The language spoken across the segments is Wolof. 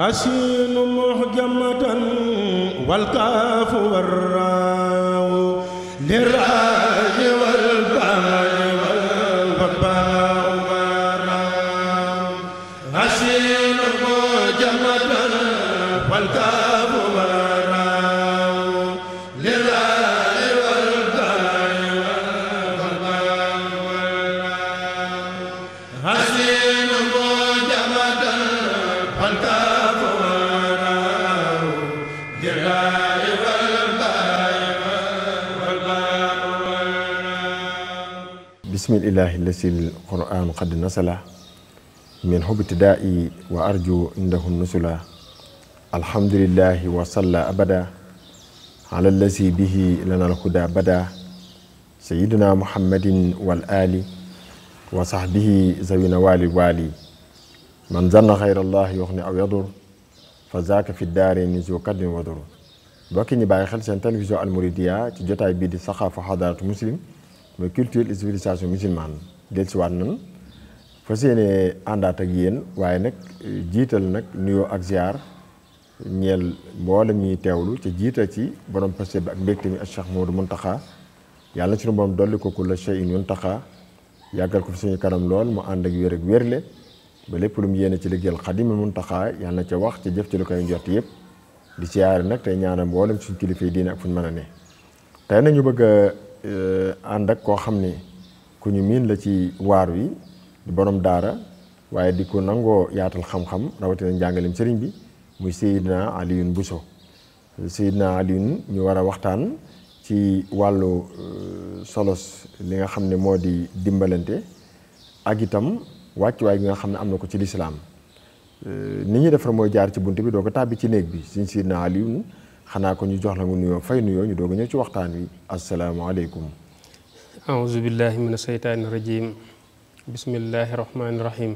asiin muhjamatan wal kaafu warraaw bismillahi lasil quraan qad nasala min hubtidaa'i wa arju indahu nusula alhamdulillahi wa salla abada ala lasi bihi lana alhuda bada sayidina muhammadin wal ali wa sahbihi zawina wali wali man zanna xayra allahi wax ni aw yadur fa zaaka fi daare ni zo kadin wadur bokki ñi bàyyi xel seen télévision almouridia ci jotaay bii di saxaafu xadaratu muslim mooy culture et civilisation musulmane del si waat nan fa yéene àndaat ak yéen waaye nag jiital nag nuyoo ak ziar ñeel mboolem ñuy teewlu ci jiital ci borom paste bi ak mbégte mi ak Cheikh Modou Mountakha yàlla na suñu borom dolli ko ku la Cheikh Mountakha yàggal ko fi suñu lool mu ànd ak wér ak ba lépp lu mu yéene ci liggéeyal mun Mountakha yàlla na ca wax ci jëf ci lu koy njort yëpp di siyaare nag tey ñaanal mboolem suñu kilifa yi diine ak fu ñu mën a ne tey nañu bëgg Eh, ànd ak koo xam ni ku ñu miin la ci waar wi di borom daara waaye di ko nangoo yaatal xam-xam rawatina njàngaleem sëriñ bi muy Seydina Alioune Bousso Seydina Alioune ñu war a waxtaan ci wàllu eh, solos li nga xam ne moo di dimbalante ak itam wàccuwaay gi nga xam ne am na ko ci lislaam eh, ni ñuy defar mooy jaar ci bunt bi doo ko tàbbi ci néeg bi suñ Seydina Alioune xanaa ko ñu jox la nga nuyoo fay nuyoo ñu doog a ci waxtaan wi asalaamaaleykum aouzu billahi min asheytaani rajim bismillahi rahmaani rahim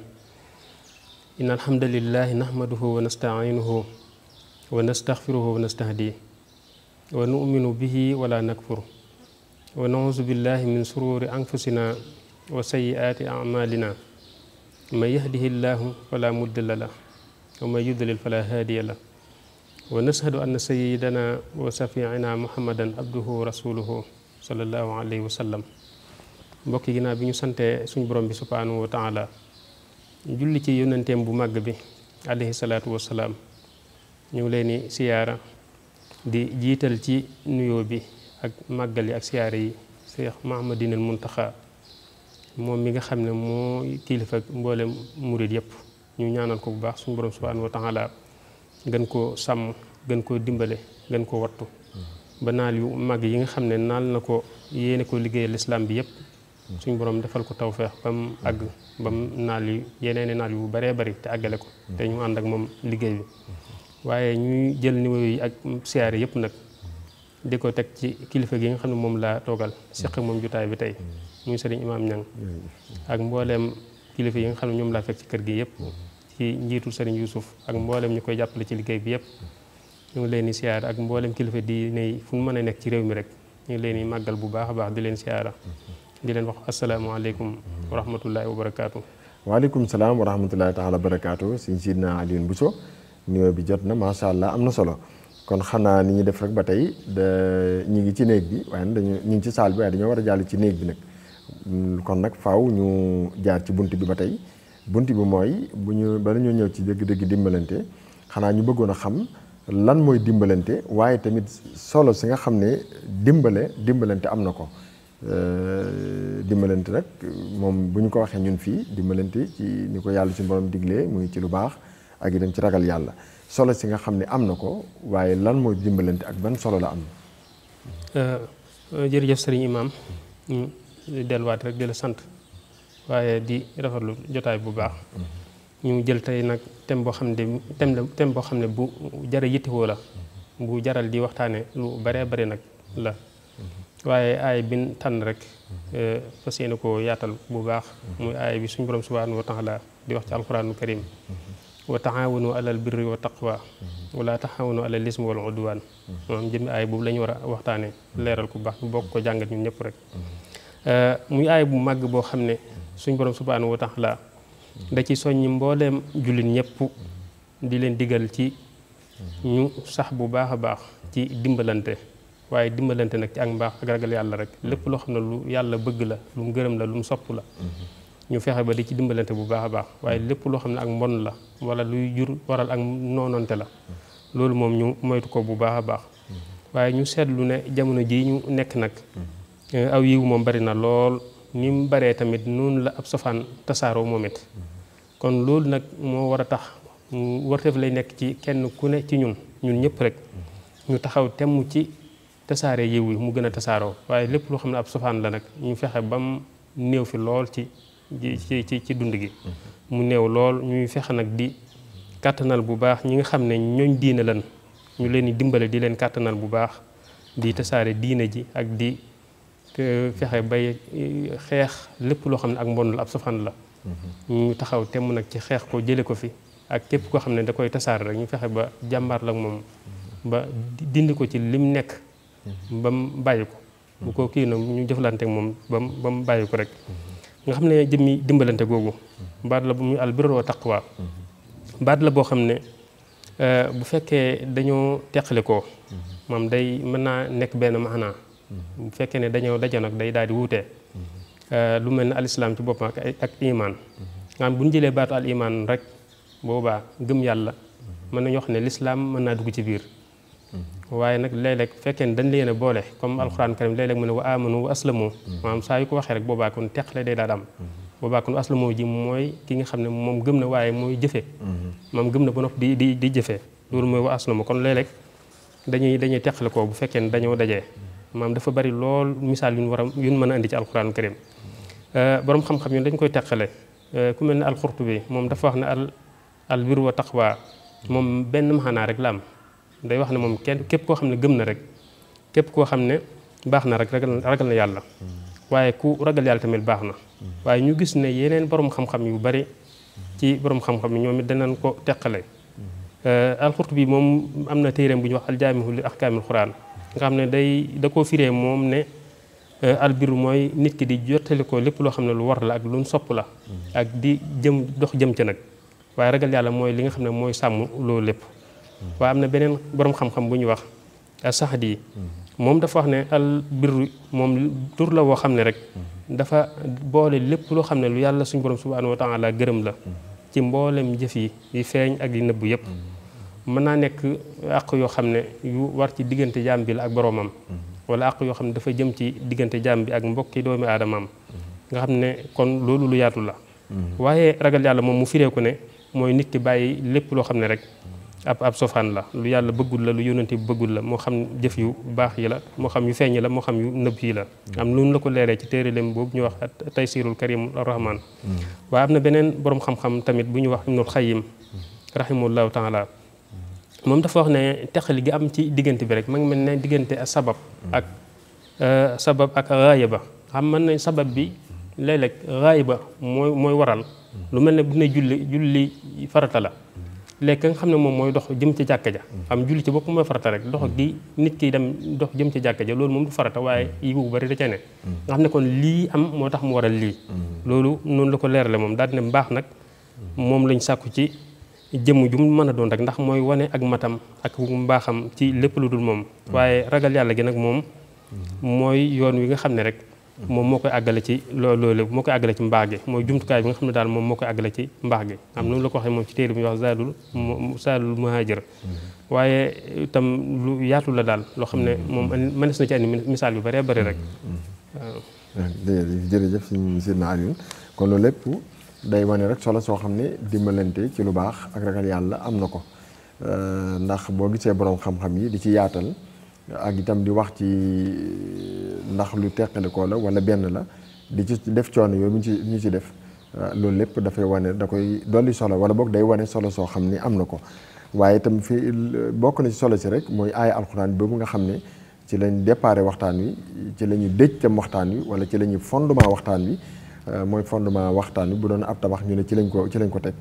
in alhamdulilahi nahmaduhu wa nastainuhu wa nastaxfiruhu wa wala nakfur wa nauzu min sururi anfusina wa sayiaati man yahdihi llahu fala mudilla la wa yudlil fala haadiya la wa nashhadu anna sayyidana wa safiina muhammadan abduhu wa rasuluhu sallallahu alayhi wa sallam mbokk bi ñu santee suñu borom bi subhaanahu wa taala julli ci yónnenteem bu màgg bi alayhi salaam ñu ngi leen di siyaara di jiital ci nuyoo bi ak màggal yi ak siyaara yi Seex Muhammadinal Muntaxa moom mi nga xam ne moo kilifa ak mboolem murid yëpp ñu ñaanal ko bu baax suñ borom subhaanahu wa taala gën koo sàmm gën koo dimbale gën ko wattu ba naal yu mag yi nga xam ne naal na ko yéene ko liggéeyal lislaam bi yëpp suñ borom defal ko tawfeex ba mu àgg ba mu naal yu yeneeni naal yu baree bari te àggale ko te ñu ànd ak moom liggéey bi waaye ñu jël niveau yi ak siyaare yëpp nag di ko teg ci kilifa gi nga xam ne moom laa toogal seq moom jotaay bi tey muy sëriñ imaam ñang mm. ak mbooleem kilifa yi nga xam ne ñoom laa fekk ci kër gi yëpp ci njiitul Serigne Youssouf ak mboolem ñu koy jàppale ci liggéey bi yëpp ñu ngi leen di siyaara ak mbooleem kilifa diine yi fu mu mën a nekk ci réew mi rek ñu ngi leen di màggal bu baax a baax di leen siyaara di leen wax asalaamaaleykum wa rahmatullahi wa barakaatu. waaleykum salaam wa rahmatullahi taala ñu barakaatu naa Sidna bu so nuyoo bi jot na macha allah am na solo kon xanaa ni ñu def rek ba tey da ñu ngi ci néeg bi waaye nag dañu ñu ngi ci saal bi waaye dañoo war a jàll ci néeg bi nag kon nag faaw ñu jaar ci bunt bi ba tey. bunt bi mooy bu ñu bala ñoo ñëw ci dégg dëgg dimbalante xanaa ñu bëggoon a xam lan mooy dimbalante waaye tamit solo si nga xam ne dimbale dimbalante am na ko euh, dimbalante rek moom bu ñu ko waxee ñun fii dimbalante ci ni ko yàlla ci borom diglee muy ci lu baax ak itam ci ragal yàlla solo si nga xam ne am na ko waaye lan mooy dimbalante ak ban solo la am. Euh, jërëjëf sëriñ Imaam delluwaat rek di sant. waaye di rafetlu jotaay bu baax. Mm-hmm. ñu jël tey nag thème boo xam ne thème la thème boo xam ne bu jara yittewoo la. Mm-hmm. bu jaral di waxtaanee lu baree bari nag la. Mm-hmm. waaye aay bi tànn rek. Euh, fas yéene ko yaatal bu baax. muy aay bi suñu borom woo tax taala di wax ci alquraanu karim. wa taawanu alal birri wa taqwa. wala taawanu alal ismi wal udwaan. maanaam jëmmi aay boobu la ñu war a waxtaanee leeral ku baax ñu bokk ko jàngat ñun ñëpp rek. Euh, muy aay bu màgg boo xam ne suñ borom woo tax la da ci soññ mbooleem jullit ñëpp di leen diggal ci ñu sax bu baax a baax ci dimbalante waaye dimbalante nag ci ak mbaax ak ragal yàlla rek lépp loo xam ne lu yàlla bëgg la lu mu gërëm la lu sopp la ñu fexe ba di ci dimbalante bu baax a baax waaye lépp loo xam ne ak mbon la wala luy jur waral ak noonante la loolu moom ñu moytu ko bu baax a baax waaye ñu seetlu ne jamono jii ñu nekk nag aw yiw moom bari na lool ni mu baree tamit noonu la ab sofaan tasaaroo moomet kon loolu nag moo war a tax warteef lay nekk ci kenn ku ne ci ñun ñun ñëpp rek ñu taxaw temm ci tasaare yiw mu gën a tasaaroo waaye lépp loo xam ne ab sofaan la nag ñu fexe ba néew fi lool ci ci ci dund gi mu néew lool ñuy fexe nag di kàttanal bu baax ñi nga xam ne ñooñ diine lan ñu leen di di leen kàttanal bu baax di tasaare diine ji ak di te euh, fexe bay euh, xeex lépp loo xam ne ak mbon la ab safaan la mhm. ñu taxaw temm nag ci xeex ko jële ko fi ak képp koo xam ne da koy tasaar rek ñu fexe ba jàmbaar la moom mhm. ba dindi ko ci lim nekk mhm. ba mu bàyyi ko bu ko kii nag ñu jëflante moom ba mu ba mu bàyyi ko rek nga xam ne jëmmi dimbalante googu baat la bu muy al birru wa taqwa baat la boo xam ne euh, bu fekkee dañoo teqali ko moom day mën naa nekk benn maanaa bu mm-hmm. fekkee ne dañoo daje nag day daal di wuute mm-hmm. euh, lu mel ne alislaam ci boppam ak ak imaan mm-hmm. nga xam bu ñu jëlee baatu al imaan rek boobaa gëm yàlla mën nañu wax ne lislaam mën naa dugg ci biir waaye nag léeg-léeg fekkee ne dañ leen a boole comme alxuraan karim léeg-léeg mu ne wa amanu wa aslamu maanaam saa ko waxee rek boobaa kon teqale day daal am boobaa kon aslamu ji mooy ki xam ne moom gëm na waaye mooy jëfe moom gëm na ba noppi di di di jëfe loolu mooy wa aslamu kon léeg-léeg dañuy dañuy teqale ko bu fekkee ne dañoo daje maam dafa bari lool misaal yu nu war a yu ñu mën a andi ci alxuraanu karim eh, borom xam-xam yi dañ koy teqale eh, ku mel ne bi moom dafa wax na al al bir wa taqwa moom benn maxanaa rek la am day wax ne moom kenn képp koo xam ne gëm na rek képp koo xam ne baax na rek ragal na yàlla waaye ku ragal yàlla tamit baax na waaye ñu gis ne yeneen borom xam-xam yu bari ci borom xam yi ñoom it danañ ko teqale eh, alxurtubi moom am na téereem bu ñuy wax aljaamihul ahkaamil xuraan nga xam ne day da ko firee moom ne euh, albiru mooy nit ki di jottali ko lépp loo xam ne lu war la ak lu sopp la mm-hmm. ak di jëm dox jëm ci nag waaye ragal yàlla mooy li nga xam ne mooy sàmm loolu lépp mm-hmm. waaye am na beneen boroom xam-xam bu ñuy wax sax di mm-hmm. moom dafa wax ne al birru moom tur la woo xam ne rek dafa boole lépp loo xam ne lu yàlla suñ borom subhaanahu wa taala gërëm la ci mbooleem jëf yi feeñ ak yi nëbbu yëpp mën naa nekk àq yoo xam ne yu war ci diggante jaam bi la ak boroomam mhm. wala àq yoo xam ne dafa jëm ci diggante jaam bi ak mbokki doomi aadamaam mhm. nga xam ne kon loolu lu yaatu la mhm. waaye ragal yàlla moom mu fireeku ne mooy nit ki bàyyi lépp loo xam ne rek ab ab sofaan la lu yàlla bëggul la lu yónnante bi bëggul la moo xam jëf yu baax yi la moo xam yu feeñ la moo xam yu nëb yi la am lu la ko leeree ci téerelem boobu ñu wax taysirul karim rahman waaye am na beneen boroom xam tamit bu ñu wax ibnul xayim rahimahullahu taala moom dafa wax ne teqali gi am ci diggante bi rek ma mel ne diggante sabab ak euh, sabab ak raaya ba xam mën nañ sabab bi léeg-léeg ba mooy mooy waral lu mel ne bu ne julli julli farata la léegi nga xam ne moom mooy dox jëm ca jàkka ja am julli ci bopp mooy farata rek dox gi nit kii dem dox jëm ca jàkka ja loolu moom du farata waaye yi bu bari da ca ne nga xam ne kon lii am moo tax mu waral lii mm. loolu noonu la ko leerale moom daal ne mbaax nag moom lañ sàkku ci jëmm ju mën a doon rek ndax mooy wane ak matam ak mbaaxam ci lépp lu dul moom waaye ragal yàlla gi nag moom mooy yoon wi nga xam ne rek moom moo koy àggale ci loolu loolu moo koy àggale ci mbaax gi mooy jumtukaay bi nga xam ne daal moom moo koy àggale ci mbaax gi am noonu la ko waxee moom ci téere bi ñuy wax zaalul zaalul muhaajir waaye tam lu yaatu la daal loo xam ne moom mënees na ci andi misaal yu bëree bëri rek waaw kon loolu lépp day wane rek solo soo xam ne dimbalante ci lu baax ak ragal yàlla am na ko euh, ndax boo gisee boroom xam-xam yi di ci yaatal ak itam di wax ci euh, ndax lu teqalikoo la walla benn la di ci def coono yooyu ci ñu ci def euh, loolu lépp dafay wane da koy dolli solo walla boog day wane solo soo xam ne am na ko waaye itam fi bokk na ci solo si rek mooy aaya alxuraan boobu nga xam ne ci lañ déparé waxtaan wi ci la ñu dëj tam waxtaan wi walla ci lañuy ñu fondement waxtaan wi Euh, mooy fondement waxtaan wi bu doon ab tabax ñu ne ci lañ ko ci lañ ko teg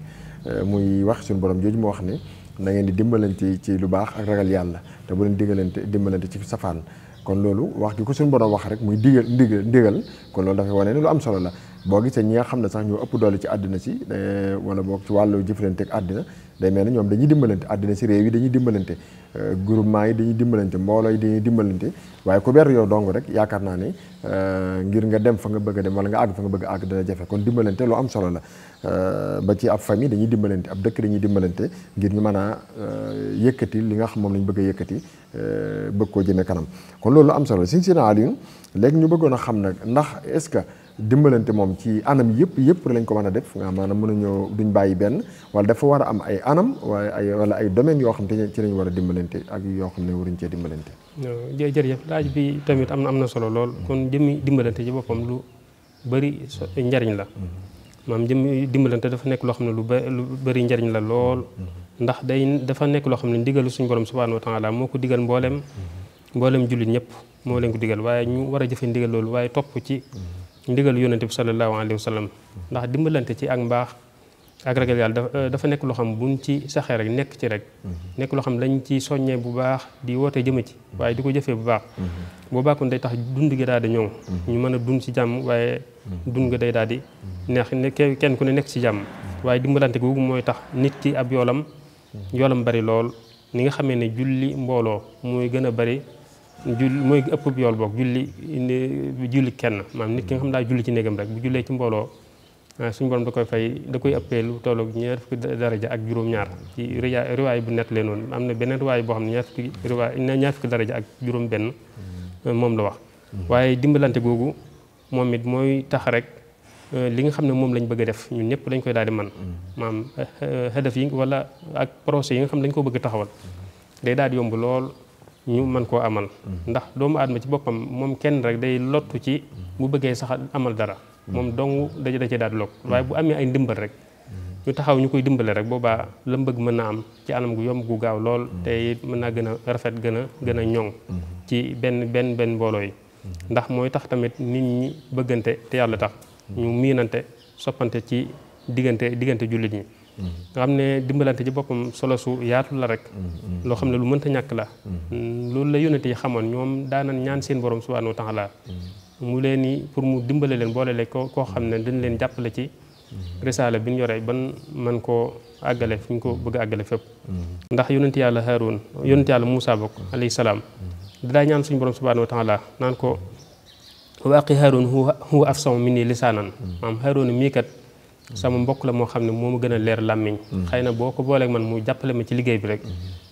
euh, muy wax suñu borom jooju mu wax ne na ngeen di dimbalante ci lu baax ak ragal yàlla te bu leen digalante dimbalante ci safaan kon loolu wax gi ko suñu borom wax rek muy digal ndigal ndigal kon loolu dafay wane ne lu am solo la boo gisee ñi nga xam ne sax ñoo ëpp doole ci àddina si euh, wala boo ci wàllu jëflante ak àddina day mel ne ñoom dañuy dimbalante àddina si réew yi dañuy dimbalante euh, groupement yi dañuy dimbalante mbooloo yi dañuy dimbalante waaye ku ber yow dong rek yaakaar naa ne euh, ngir nga dem fa nga bëgg a dem wala nga àgg fa nga bëgg a àgg dana jafe kon dimbalante lu am solo la euh, ba ci ab famille dañuy dimbalante ab dëkk dañuy dimbalante ngir ñu mën a yëkkati li nga xam moom lañ bëgg a yëkkati bëgg koo jëmee kanam kon loolu lu am solo si si naa léegi ñu bëggoon a xam nag ndax est-ce que dimbalante moom ci anam yëpp yëpp lañ ko mën a def nga maanaam mënuñoo duñ bàyyi benn wala dafa war am ay anam wala ay wala ay domaines yoo xam te ci lañ war a dimbalante ak yoo xam ne waruñ cee dimbalante. jërëjëf laaj bi tamit am am na solo lool mm-hmm. kon jëmmi dimbalante ci boppam lu bari njariñ la. Mm-hmm. maam jëmmi dimbalante dafa nekk loo xam ne lu ba lu bari njariñ la lool. Mm-hmm. ndax day dafa nekk loo xam ne ndigalu suñu borom subhaanahu wa taala moo ko digal mboolem. mboolem jullit ñëpp moo leen ko digal waaye ñu war a jëfe ndigal loolu waaye topp ci ndigalu yonente bi sallallahu alayhi wa sallam ndax dimbalante ci ak mbaax ak ragal yàlla dafa euh, nekk loo xam buñ ci saxee rek nekk ci rek mhm. nekk loo xam lañ ci soññee bu baax di woote jëma ci mhm. waaye di ko jëfee bu baax mhm. boo baakoon day tax dund gi daal di ñu mën a dund ci jàmm waaye dund nga day daal di neex ne kenn ku ne nekk ci jàmm waaye dimbalante googu mooy tax nit ki ab yoolam yoolam bari lool ni nga xamee ne julli mbooloo muy gën a bari julli mooy ëpp yool boog julli julli kenn maanaam nit ki nga xam daa julli ci néegam rek bu jullee ci mbooloo ah, suñ borom da koy fay da koy ëppee lu tolloog ñaar fukki daraja ak juróom-ñaar ci riwaay bu nett leen noonu am na beneen riwaay boo xam ne ñaar fukki riwaay ñaar fukki daraja ak juróom-benn mm-hmm. moom la wax mm-hmm. waaye dimbalante googu moom it mooy tax rek eh, li nga xam ne moom lañ bëgg a def ñun ñëpp dañ koy daal di man mm-hmm. maam eh, eh, hadaf yi wala ak projet yi nga xam ne dañ ko bëgg taxawal day daal ñu mën koo amal ndax doomu aadama ci boppam moom kenn rek day lottu ci bu bëggee sax amal dara moom dong daje da cee daal lokk waaye bu amee ay ndimbal rek ñu taxaw ñu koy dimbale rek boobaa la mbëgg mën na am ci anam gu yomb gu gaaw lool te mën naa gën a rafet gën a gën a ñoŋ ci benn benn benn mbooloo yi ndax mooy tax tamit nit ñi bëggante te yàlla tax ñu miinante soppante ci diggante diggante jullit yi nga xam ne dimbalante ci boppam solo su yaatu la rek loo xam ne lu mënta ñàkk la loolu la yónnate yi xamoon ñoom daanan ñaan seen borom subhanahu wa taala mu leen i pour mu dimbale leen boole leen ko koo xam ne dañ leen jàppale ci risaala bi ñu yoree ban man koo àggale fi ñu ko bëgg a àggale fépp ndax yónnate yàlla Haarun yónnate yàlla Muusaa bokk alayhi salaam dadaa ñaan suñu borom subhanahu wa taala naan ko waaqi Haarun huwa afsamu minni lisaanan maam Haarun mii sama mbokk la moo xam ne moo ma gën a leer làmmiñ xëy na boo ko booleeg man mu jàppale ma ci liggéey bi rek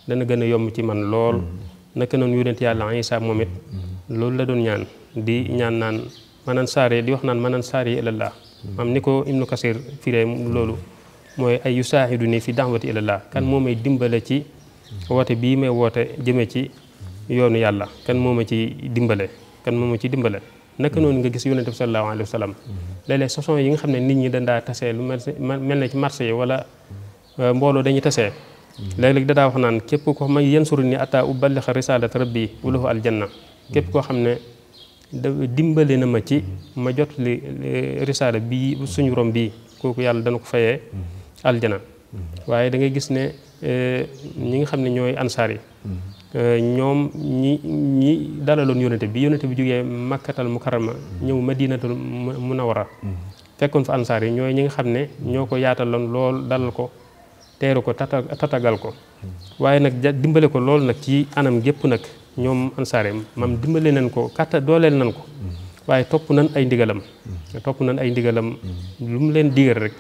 dana gën a yomb ci man lool naka noonu yonent yàlla Isaa moom it loolu la doon ñaan di ñaan naan saare di wax naan maanaam saare ilallah maam ni ko Ibnu Kasir firee loolu mooy ay yu saaxidu nii fi daxwati ilallah kan moo may dimbale ci woote bii may woote jëme ci yoonu yàlla kenn moo ma ci dimbale kan moo ma ci dimbale naka noonu nga gis yonente bi sallallahu alayhi wa sallam léeg-léeg yi nga xam ne nit ñi dandaa tasee lu mel na ci marché yi wala euh, mbooloo dañuy tase léeg-léeg dadaa wax naan képp ko may yansuru ni ataa uballixa risalat rabbi walahu aljanna képp koo xam ne dimbale na ma ci ma jot li risaala bii suñu borom bii kooku yàlla dana ko fayee aljana mm-hmm. waaye da ngay gis ne euh, ñi nga xam ne ñooy ansaar yi mm-hmm. Euh, ñoom ñi ñi dalaloon yonente bi yonente bi jógee makkatal mukarrama ñëw madinatul munawara mm-hmm. fekkoon fa ansaar yi ñooy ñi nga xam ne ñoo ko yaataloon lool dalal ko teeru ko tata tatagal ko mm-hmm. waaye nag dimbale ko lool nag ci anam gépp nag ñoom ansaar yi maam dimbale nañ ko kàtta dooleel nañ ko mm-hmm. waaye topp nañ ay ndigalam topp nañ ay ndigalam lu mu leen digal rek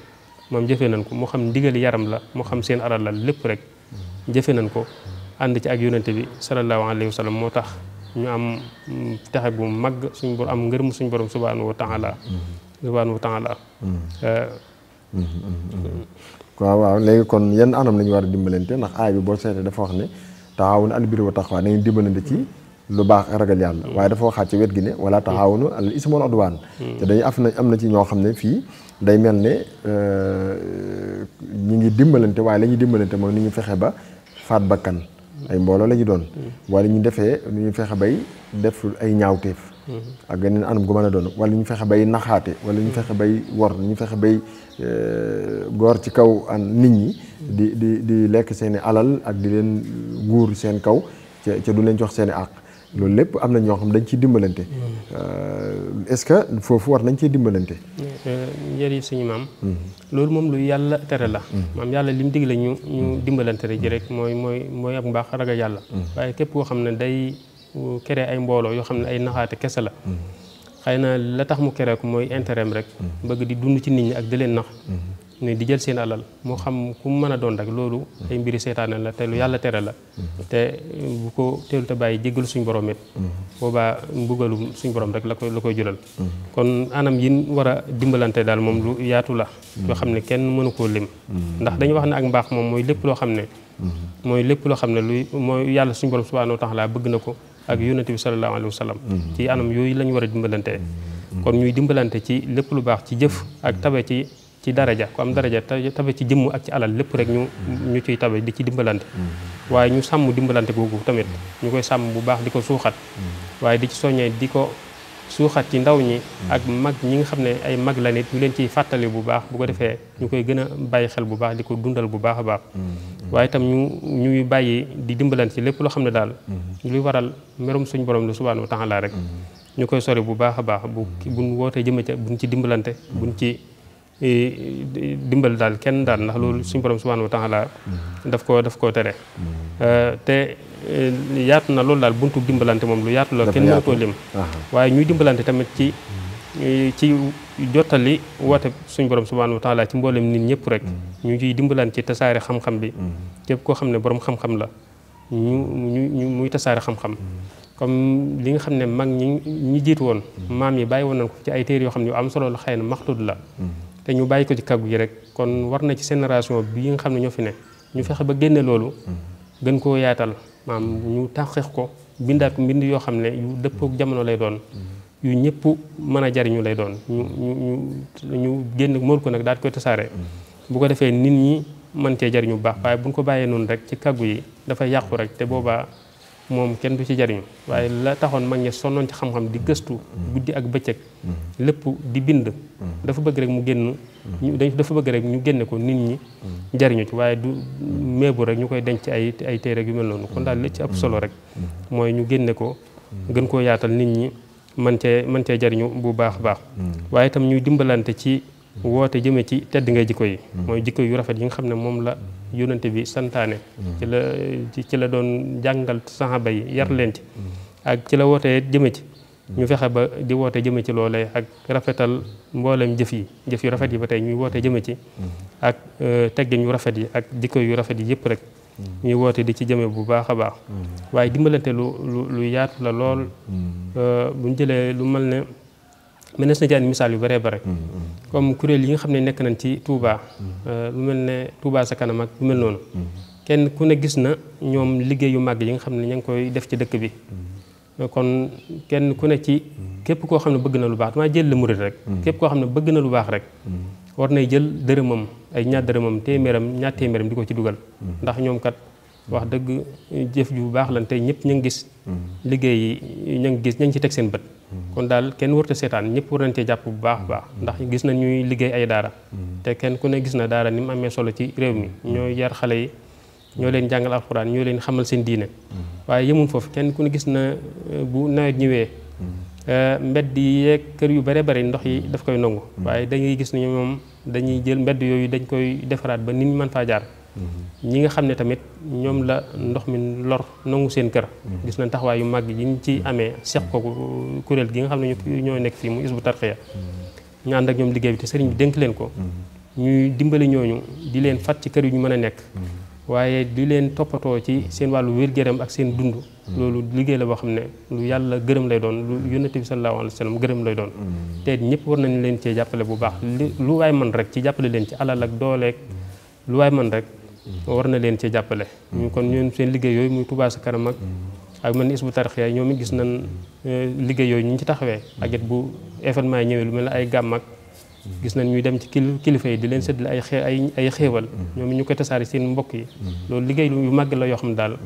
moom jëfe nañ ko mu xam ndigali yaram la mu xam seen alal la lépp rek jëfe nañ ko ànd ci ak yonante bi sallallahu alayhi wa sallam moo tax ñu am texe bu mag suñ borom am ngër mu suñ borom subhanahu wa taala mm-hmm. subhanahu wa taala mm-hmm. Euh, mm-hmm. waaw waaw léegi kon yenn anam la ñu war a dimbalante ndax aay bi boo seetee dafa wax ne taxaawunu al birri wa taqwa na ngeen dimbalante ci lu baax ragal yàlla waaye dafa waxaat ci wet gi ne wala taxaawunu al ismi wal udwaan te dañu af na am na ci ñoo xam ne fii day mel ne euh, ñu ngi dimbalante waaye lañuy dimbalante mooy ni ñu fexe ba faat bakkan ay mbooloo la ñu doon. wala ñu defee ñu fexe bay def ay ñaawteef. Mm-hmm. ak geneen anam gu mën a doon wala ñu fexe bay naxaate wala ñu fexe bay wor ñu fexe bay eh, góor ci kaw an nit ñi. Mm-hmm. di di di lekk seen i alal ak di leen guur seen kaw ca ca du leen jox seen i àq. loolu lépp am na ñoo xam dañ ciy dimbalante. Mm. Euh, est-ce que foofu war nañ cee dimbalante. Euh, jërëjëf suñu maam. Mm. loolu moom lu yàlla tere la. Mm. maam yàlla lim digle ñu ñu dimbalante ji rek mooy mooy mooy ak mbaax ragal yàlla. waaye képp koo xam ne day uh, kere ay mbooloo yoo xam ne ay naxaate kese la. xëy na la tax mu kere ko mooy intérêt rek. mbëgg di dund ci nit ñi ak di leen nax. ne di jël seen alal mu xam ku mën a doon rek loolu ay mbiri seytaane la te lu yàlla tere la te bu ko teelu te bàyyi jéggalu suñ borom it boobaa mbugalu suñ borom rek la koy la koy jural kon anam yin war a daal moom lu yaatu la yoo xam ne kenn mënu koo lim ndax dañu wax ne ak mbaax moom mooy lépp loo xam ne mooy lépp loo xam ne luy mooy yàlla suñ borom subhanahu wa bëgg na ko ak yonent bi sallallahu alayhi ci anam yooyu lañu war a dimbalante kon ñuy dimbalante ci lépp lu baax ci jëf ak tabe ci ci daraja ku am daraja tabe ci jëmm ak ci alal lépp rek ñu ñu ciy tabe di ci dimbalante waaye ñu sàmm dimbalante googu tamit ñu koy sàmm bu baax di ko suuxat waaye di ci soññee di ko suuxat ci ndaw ñi ak mag ñi nga xam ne ay mag la nit ñu leen ciy fàttali bu baax bu ko defee ñu koy gën a bàyyi xel bu baax di ko dundal bu baax a baax waaye tam ñu ñuy bàyyi di dimbalante ci lépp loo xam ne daal luy waral merum suñ borom la subhaanahu wa taala rek mm-hmm. ñu koy sori bu baax a baax bu buñ wootee jëme ci dimbalante dimbal daal kenn daal ndax loolu suñu borom subhanahu wa taala daf koo daf koo tere mm-hmm. euh, te euh, yaatu na loolu daal buntu dimbalante moom lu yaatu la kenn mënu koo lim waaye ñuy dimbalante tamit ci mm-hmm. euh, ci jottali woote suñu borom subhanahu wa taala ci mbooleem nit ñëpp rek mm-hmm. ñu ciy dimbalante ci tasaare xam-xam bi képp koo xam ne boroom xam-xam la ñu ñu muy tasaare xam-xam comme li nga xam ne mag ñi ñi jiit woon maam yi bàyyi woon nañ ko ci ay téere yoo xam ne yu am solo la xëy na maxtud la te ñu bàyyi ko ci kàggu yi rek kon war na ci génération bi nga xam ne ñoo fi ne ñu fexe ba génne loolu gën koo yaatal maam ñu xeex ko bindaat mbind yoo xam ne yu dëppook jamono lay doon yu ñëpp mën a jariñu lay doon ñu ñu génn mool ko nag daal koy tasaare bu ko defee nit ñi mën cee jariñu bu baax waaye buñ ko bàyyee noonu rek ci kàggu yi dafa yàqu rek te boobaa moom kenn du ci jariñu waaye la taxoon mag ñi sonnoon ci xam-xam di gëstu guddi ak bëccëg lépp di bind dafa bëgg rek mu génn ñu dafa bëgg rek ñu génne ko nit ñi jariñu ci waaye du meebu rek ñu koy denc ay ay téere yu mel noonu kon daal li ci ëpp solo rek mooy ñu génne ko gën koo yaatal nit ñi man cee man cee jariñu bu baax baax mm. waaye itam ñuy dimbalante ci woote jëme ci tedd ngay jikko yi mm. mooy jikko yu rafet yi nga xam ne moom la mm. yónnante bi santaane mm. ci la ci la doon jàngal saxaaba yi yar leen ci ak ci la wootee jëme ci ñu fexe ba di woote jëme ci loolee ak rafetal mbooleem jëf yi jëf yu rafet yi ba tey ñuy woote jëme ci ak euh, teggin yu rafet yi ak jikko yu rafet yi yëpp rek ñuy woote di ci jëme bu baax a baax waaye dimbalante lu lu lu yaatu la lool euh, bu jëlee lu mel ne mënees na ci an misaal yu bëree bare mm, mm. comme kuréel yi nga xam ne nekk nañ ci Touba mm. euh, lu mel ne tuubaa sa kanam ak lu mel noonu kenn ku ne gis na ñoom liggéey yu màgg yi nga xam ne ña ngi koy def ci dëkk bi kon kenn ku ne ci képp koo xam ne bëgg na lu baax damaa jël la murit rek képp koo xam ne bëgg na lu baax rek war nay jël dërëmam ay ñaar dërëmam téeméeram ñaar téeméeram di ko ci dugal ndax ñoom kat wax dëgg jëf ju bu baax lan tey ñëpp ñu ngi gis liggéey ngi gis ñu ci teg seen bët kon daal kenn warut a seetaan ñëpp war jàpp bu baax baax ndax gis na ñuy liggéey ay daara te kenn ku ne gis na daara ni mu amee solo ci réew mi ñooy yar xale yi ñoo leen jàngal alxuraan ñoo leen xamal seen diine waaye yëmum foofu kenn ku ne gis na eh, bu nawet ñëwee eh, mbedd yi yeeg kër yu bare bari ndox yi daf koy nangu waaye dañuy gis ne moom dañuy jël mbedd yooyu dañ koy defaraat ba nit ñi mën faa jaar ñi nga xam ne tamit ñoom la ndox mi lor nangu seen kër mm-hmm. gis nañ taxawaay yu màgg yi ñu ci mm-hmm. amee seq ko kuréel gi nga xam ne ñu ñoo nekk fii mu isbu tarxiya mm-hmm. ñu ànd ak ñoom liggéey bi te dénk leen ko ñuy dimbali ñooñu di leen fat ci kër yu ñu mën a nekk waaye di leen toppatoo ci seen wàllu wér gu ak seen dund loolu liggéey la boo xam ne lu yàlla gërëm lay doon lu yónnate bi sallallahu alayhi wa sallam gërëm lay doon te ñëpp war nañ leen cee jàppale bu baax lu waay man rek ci jàppale leen ci alal ak dooleeg lu waay man rek war na leen ci jàppale ñu mm. kon ñun seen liggéey yooyu muy Touba ca kanam ak mm. ak man is bu tarxiya ñoom it gis nañ mm. eh, liggéey yooyu ñu ngi ci taxawee ak bu événement yi ñëwee lu mel ne ay gàmm gis nañ ñuy dem ci kilifa yi di leen séddale ay xee ay ay xéewal ñoom ñu koy tasaari seen mbokk yi loolu liggéey yu màgg la yoo xam daal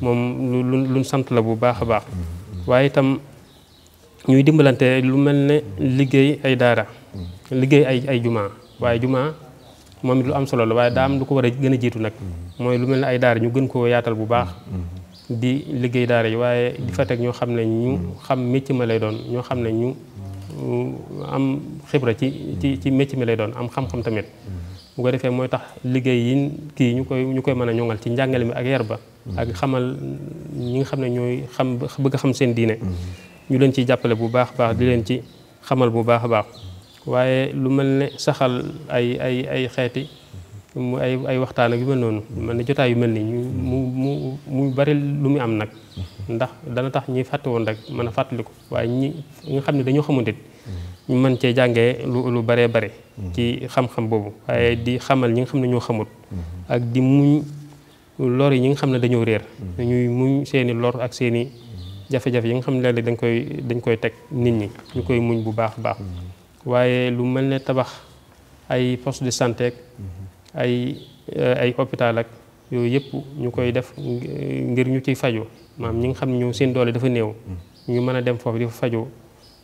moom lu luñ sant la bu baax a baax waaye itam ñuy dimbalante lu mel ne liggéey ay daara liggéey ay ay jumaa waaye jumaa moom it lu am solo la waaye daa am lu ko war a gën a jiitu nag mhm. mooy lu mel ne ay daara ñu gën koo yaatal bu baax mhm. di liggéey daar yi waaye di fa teg ñoo xam ne ñu mhm. xam mécc ma lay doon ñoo xam ne ñu am xibra ci ci ci mécc lay doon am xam-xam tamit bu ko defee mooy tax liggéey yi kii ñu koy ñu koy mën a ñoŋal ci njàngale mi ak yar ba ak xamal ñi nga xam ne ñooy xam bëgg xam seen diine ñu leen ci jàppale bu baax baax di leen ci xamal bu baax a baax waaye lu mel ne saxal ay ay ay xeeti mu ay ay waxtaan ak yu mel noonu lu mel ne jotaay yu mel ni ñu mu mu mu bari lu muy am nag ndax dana tax ñi fàtte woon rek mën a fàttaliku waaye ñi nga xam ne dañoo xamante mën cee jàngee lu lu baree bare ci xam boobu waaye di xamal ñi nga xam ne xamut ak di muñ lor yi ñi nga xam ne dañoo réer ñuy muñ seeni lor ak seeni jafe-jafe yi nga xam ne léeg dañ koy dañ koy teg nit ñi ñu koy muñ bu baax baax waaye lu mel ne tabax ay poste de santé ak mhm. ay euh, ay hôpital ak yooyu yëpp ñu koy def ngir ñu ciy fajoo maam ñi nga xam ne ñoo seen doole dafa néew mhm. ñu mën a dem foofu di fa fajoo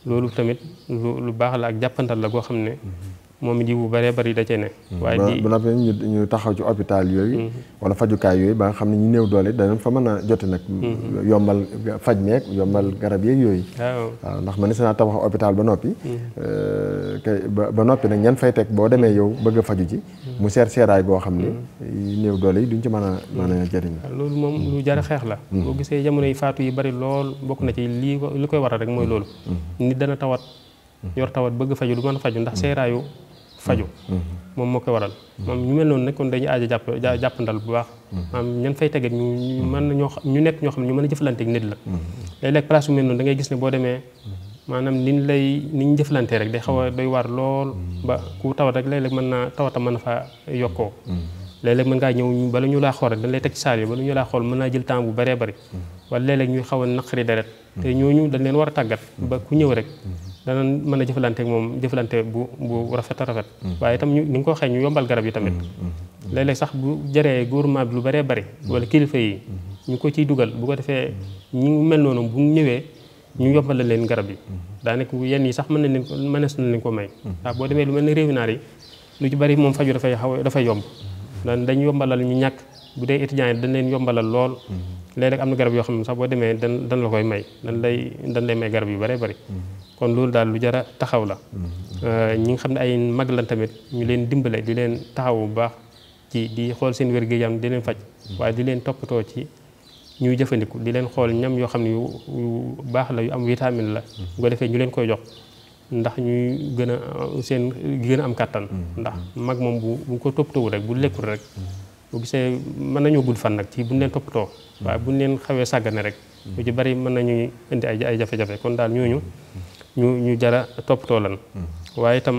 loolu tamit lu lu baax la ak jàppantal la goo xam ne mhm. moom it bu bëree bëri da cee hmm. waaye di ba noppi ñu taxaw ci hôpital yooyu. Hmm. wala fajukaay yooyu ba xam ne ñu néew doole danañ fa mën a jote nag. Hmm. yombal faj meeg yombal garab yeeg yooyu. waaw ndax man naa tabax hôpital ba noppi. Euh, kay ba noppi nag ñan fay teg boo demee yow bëgg faju ji. mu seer seeraay boo xam ne. néew doole yi duñ ci mën a mën a jëriñ. loolu moom lu jar xeex la. boo gisee jamono yi faatu yi bari lool bokk na ci lii li koy waral rek mooy loolu. nit dana tawat yor tawat bëgg faju du mën a faju ndax seeraayu faju mm-hmm. Mm-hmm. moom moo koy waral mm-hmm. moom ñu mel noonu nag kon dañuy aaja jàpp jàppandal bu baax maam ñan fay teget ñu mën na ñoo ñu nekk ñoo xam ne ñu mën a jëflante nit la léeg-léeg place bu mel noonu da ngay gis ne boo demee maanaam liñ lay ni ñu jëflante rek day xaw a doy waar lool ba ku tawat rek léeg-léeg mën naa tawata mën na faa yokkoo léeg-léeg mën ngaa ñëw bala ñu laa xool rek dañ lay teg ci saal yi bala ñu laa xool mën naa jël temps bu baree bari wala léeg-léeg xaw a naqari deret te ñooñu dañ leen war a tàggat ba ku ñëw rek danañ mën a jëfalanteek moom jëfalante bu bu rafet a rafet mm-hmm. waaye itam ñu ni nga ko waxee ñu yombal garab yi tamit mm-hmm. léeg-léeg sax bu jëree gouvernement bi lu baree bari mm-hmm. wala kilifa yi ñu ko ciy dugal bu ko defee ñi mel noonu bu ñëwee ñu yombal leen garab yi daanaka yenn yi sax mën nañ leen ko mënees nañ leen ko may waaw boo demee lu mel ne réew naar yi lu ci bari moom faju dafay xaw dafay yomb dan dañ yombalal ñu ñàkk bu dee étudiants yi dañ leen yombalal lool mhm. léeg rek am na garab yoo xam ne sax boo demee dan dan la koy may dan lay dan lay may garab yu bare bari mhm. kon loolu daal lu jara taxaw la mhm. euh, ñi nga xam ne ay mag la tamit ñu leen dimbale di leen taxaw bu baax ci di xool seen wér gi yaram di leen faj waaye di leen toppatoo ci ñuy jëfandiku di leen xool ñam yoo xam ne yu baax la yu am vitamine la bu ko defee ñu leen koy jox ndax ñuy gën a seen gën a am kàttan ndax mag moom bu ko toppatoo rek bu lekkul rek boo gisee mën nañoo gudd fan nag ci buñ leen topp toppatoo waaye buñ leen xawee sàggane rek lu ci bari mën nañuy indi ay ay jafe-jafe kon daal ñooñu ñu ñu jara toppatoo lan waaye itam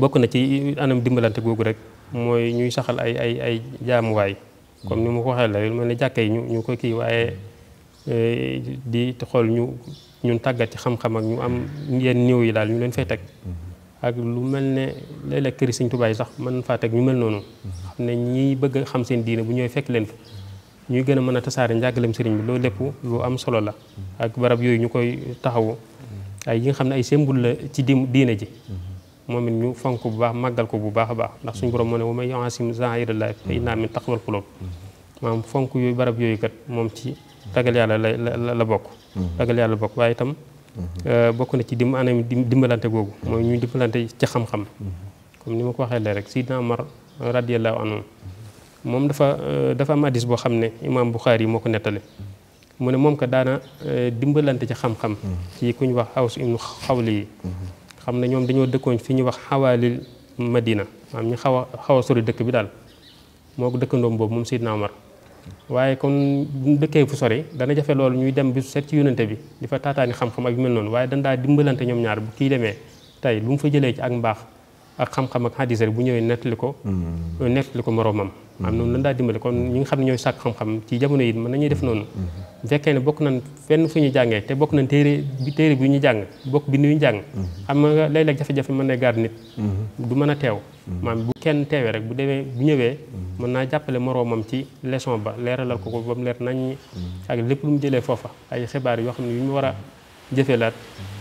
bokk na ci anam dimbalante googu rek mooy ñuy saxal ay ay ay jaamuwaay kon ni mu ko waxee la lu mel ne jàkka ñu ñu ko kii waaye e, di xool ñu ñun tàggat ci xam-xam ak ñu am yenn néew yi daal ñu leen fay teg ak lu mel ne léeg-léeg këri sëñ Tuubaa yi sax mën faa teg ñu mel noonu xam ne ñiy bëgg a xam seen diine bu ñooy fekk leen fa ñuy gën a mën a tasaare njàngaleem sëriñ bi loo lépp lu am solo la ak barab yooyu ñu koy taxawu ay yi nga xam ne ay symbole la ci di diine ji moom it ñu fonk bu baax màggal ko bu baax a baax ndax suñ borom moo ne wa may yu'azzim sha'aa'irallaahi fa innahaa min taqwal quluub maanaam fonk yooyu barab yooyu kat moom ci ragal yàlla la la bokk mm-hmm. Euh, bokk na ci dim anam dimbalante googu mooy ñu dimbalante ci xam-xam comme ni ma ko waxee léegi rek Sidna Omar radiyallahu anhu moom dafa euh, dafa am hadiis boo xam ne imaam Buxaari yi moo ko nettali mu ne moom ka daana euh, dimbalante ci xam-xam ci ku ñu wax xaw ibnu Xawli yi xam ne ñoom dañoo dëkkooñ fi ñu wax xawaalil Madina maanaam ñu xaw a xaw a sori dëkk bi daal moo ko dëkkandoom boobu moom Sidna Omar waaye kon bu dëkkee fu sori dana jafe loolu ñuy dem bi set ci yónnante bi di fa taataani xam-xam ak yu mel noonu waaye dañ daa dimbalante ñoom ñaar bu kiy demee tey lu mu fa jëlee ci ak mbaax ak xam-xam ak xadis bu ñëwee nettali ko hmm. euh, nettali ko moroomam am noonu lan hmm. daa dimbale kon ñi nga xam ne ñooy sàkk xam-xam ci jamono yi mën nañuy def noonu hmm. bu fekkee ne bokk nañ fenn fu ñu jàngee te bokk na téere téere bi ñu jàng bokk bi ñu jàng xam nga léeg-léeg jafe-jafe mën na gaar nit mën a teew bu kenn teewee rek bu demee bu ñëwee mën naa jàppale moroomam ci leçon ba leeralal ko ko ba mu leer nañ ak lépp lu mu jëlee foofa ay xibaar yoo xam ne yu ñu war jëfee laat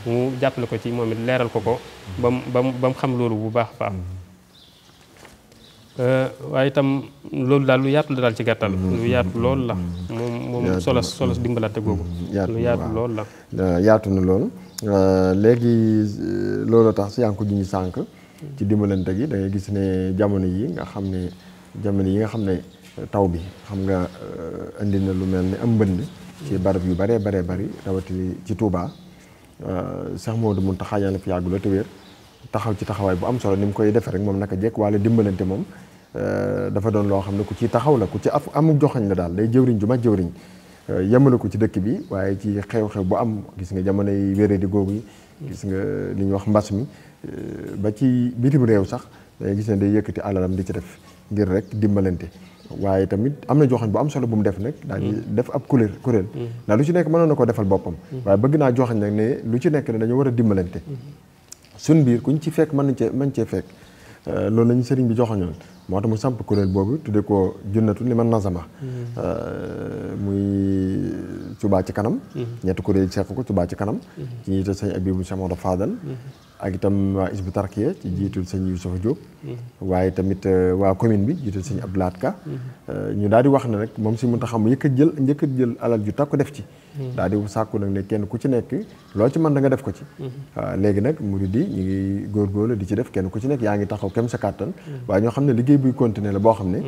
mu jàppale ko ci moom it leeral ko ko ba mu ba mu xam loolu bu baax baax mm-hmm. euh, waaye itam loolu daal lu yaatu la daal ci gàttal. Mm-hmm. lu yaatu lool la. Mm-hmm. moom moom solos solos dimbalante googu. lu yaatu lool la. yaatu na lool euh, léegi euh, loolu tax si yaa ngi sànq. ci dimbalante gi da gis ne jamono yi nga xam ne jamono yi nga xam ne taw bi xam nga indi na lu mel ni am mbënd. ci barab yu bëree baree bëri rawatina ci Touba euh, Cheikh Mouhamadou Mountakha ñaan fi yàgg la te wér taxaw ci taxawaay bu am solo ni mu koy defee rek moom naka jekk wala dimbalante moom euh, dafa doon loo xam ne ku ci taxaw la ku ci af amu joxañ la daal day jëwriñ ju jëwriñ euh, yemale ko ci dëkk bi waaye ci xew-xew bu am gis nga jamonoy wéré di googu yi gis nga li ñuy wax mbas mi ba ci bitim réew sax day gis ne day yëkkati alalam di ci def ngir rek dimbalante waaye tamit am na joo xam bu am solo bu mu def nag daal di mm-hmm. def ab kuréel kuréel mm-hmm. ndax lu ci nekk mënoon na ko defal boppam mm-hmm. waaye bëgg naa joxañ nag ne lu ci nekk ne dañu war a dimbalante sun biir ku kuñ ci fekk mën nañ cee mën cee fekk euh, loolu lañu sëriñ bi joxoñoon moo tax mu samp kuréel boobu tudde ko junnatu li man nazama euh, muy Touba ci kanam ñetti kuréel seq ko Touba ci kanam ci ñi te sëñ Abibu Cheikh Maodo Fadal ak itam waa Hizbut Tarqiyyah ci jiitul sëñ Youssouf Diop. waaye tamit euh, waa commune bi jiitul sëñ Abdou Lahad Ka euh, ñu daal di wax ne rek moom si Mountakha mu yëkkat jël njëkkat jël alal ju takku def ci. daal di sàkku nag ne kenn ku ci nekk loo ci man da def ko ci. Euh, léegi nag murid di ñu ngi góorgóorlu di ci def kenn ku ci nekk yaa ngi taxaw kem sa kàttan. waaye ñoo xam ne liggéey buy continuer la boo xam ne.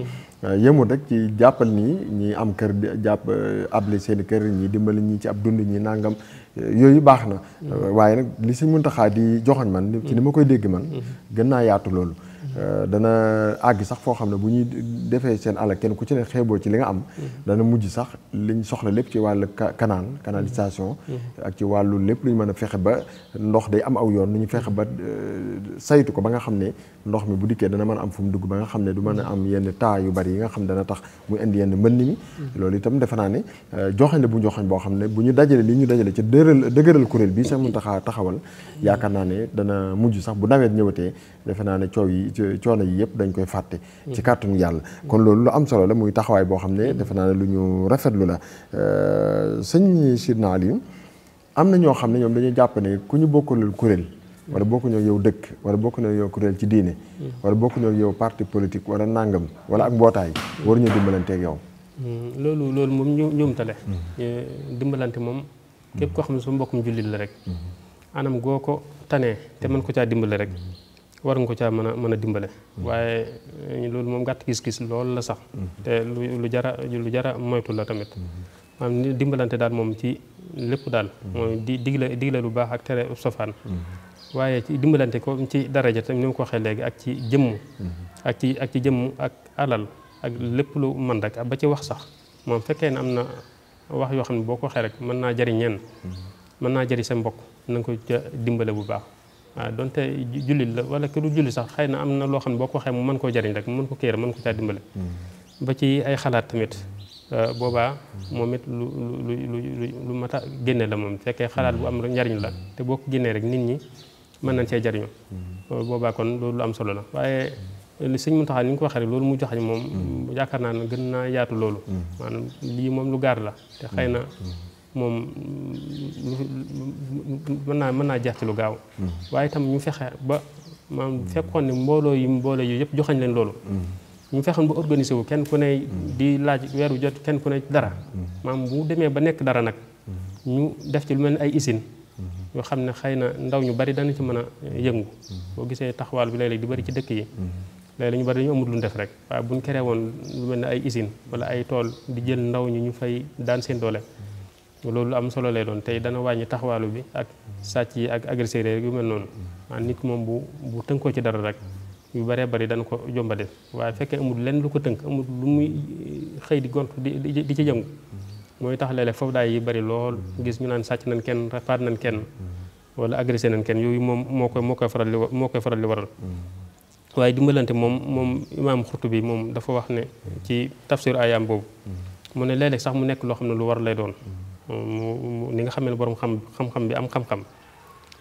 yemul rek ci jàppal nii ñi am kër jàpp able seen kër ñi dimbal ñi ci ab dund ñi nangam. yooyu baax na mm-hmm. euh, waaye nag li si muntaxaa di joxoñ man ci ni ma koy dégg man mm-hmm. gën naa yaatu loolu mm-hmm. euh, dana àgg sax foo xam ne bu ñuy defee seen àll kenn ku ci ne xeeboo ci li nga am dana mujj sax liñ soxla lépp ci wàllu canal canalisation ak ci wàllu lépp lu ñu mën a fexe ba ndox day am aw yoon lu ñu fexe ba euh, saytu ko ba nga xam ne ndox mi bu dikkee dana mën a am fu mu dugg ba nga xam ne du mën a am yenn taa yu bari yi nga xam ne dana tax muy indi yenn mbënn mi loolu itam defe naa ne euh, joxañ la bu joxañ boo xam ne bu ñu dajale li ñu dajale ci dëral dëgëral kuréel bi sax mun taxaa taxawal yaakaar naa ne dana mujj sax bu nawet ñëwatee defe naa ne coow yi coono yi yëpp dañ koy fàtte ci kàttanu yàlla kon loolu lu am solo la muy taxawaay xam ne defe naa ne lu ñu rafetlu la euh, sëñ Sidna Aliou am na ñoo xam ne ñoom dañuy jàpp ne ku ñu bokkalul kuréel wala bokku ak yow dëkk wala bokku ak yow kuréel ci diine. Mm-hmm. wala bokku ak yow parti politique wala nàngam wala ak mbootaay. Mm-hmm. waruñu dimbalante ak yow. Mm-hmm. loolu loolu moom ñu ñoomtale. Eh, dimbalante moom. képp koo xam ne su mbokkum jullit la rek. anam goo ko tanee te mën ko caa dimbale rek. war nga ko caa mën a mën a dimbale. waaye eh, loolu moom gàtt gis-gis lool la sax. te lu lu jara lu jara moytu la tamit. dimbalante daal moom ci lépp daal. mooy di digle digle lu baax ak tere sofaan. waaye ci dimbalante ko ci daraja tam ni ma ko waxee léegi ak ci jëmm mhm. ak ci ak ci jëmm ak alal ak lépp lu mën rek ba ci wax sax moom fekkee ne am na wax yoo xam ne boo ko waxee rek mën naa jëriñ ñenn mhm. mën naa jëriñ sa mbokk na nga ca dimbale bu baax waaw ah, donte jullit la wala ku julli sax xëy na am na loo xam ne boo ko xee mu mën koo jëriñ rek mën ko kéer mën ko caa dimbale mhm. ba ci ay xalaat tamit ah, boobaa moom it lu lu lu lu lu a génne la moom fekkee xalaat bu am njariñ la te boo ko génnee rek nit ñi mën nañ cee jariñu boobaa kon loolu lu am solo la waaye li mu Muntaxa ni nga ko waxee loolu mu joxañ moom yaakaar naa ne gën naa yaatu loolu maanaam lii moom lu gaar la te xëy na moom mën naa mën naa jeex ci lu gaaw waaye itam ñu fexe ba maanaam fekkoon ne mbooloo yi mbooloo yi yëpp joxañ leen loolu ñu fexoon ba organisé wu kenn ku ne di laaj weeru jot kenn ku ne dara maanaam bu demee ba nekk dara nag ñu def ci lu mel ni ay usine yoo xam ne xay na ndaw ñu bari dana ci mën a yëngu mm-hmm. boo gisee taxawaal bi léeg-léeg di bari ci dëkk yi mm-hmm. léeg-léeg ñu bari dañu amul lu ñu rek waaye buñ woon lu mel ne ay usine wala ay tool di jël ndaw ñi ñu fay daan seen doole mm-hmm. loolu am solo lay tey dana wàññi taxawaalu bi ak sàcc yi ak agresseur yu mel noonu maanaam nit ki moom bu bu tënkoo ci dara rek yu baree bari dana ko jomba def waaye fekkee ko muy xëy di gont di di ci jëngu mooy tax léeg foofu daay yi bari lool gis ñu naan sàcc nañ kenn faat nañ kenn wala agressé nañ kenn yooyu moom moo koy moo koy faral li moo koy faral li waral waaye dimbalante moom moom imaam Xurtubi moom dafa wax ne ci tafsir ayam boobu mu ne léeg sax mu nekk loo xam ne lu war lay doon mu ni nga xamee ne boroom xam xam-xam bi am xam-xam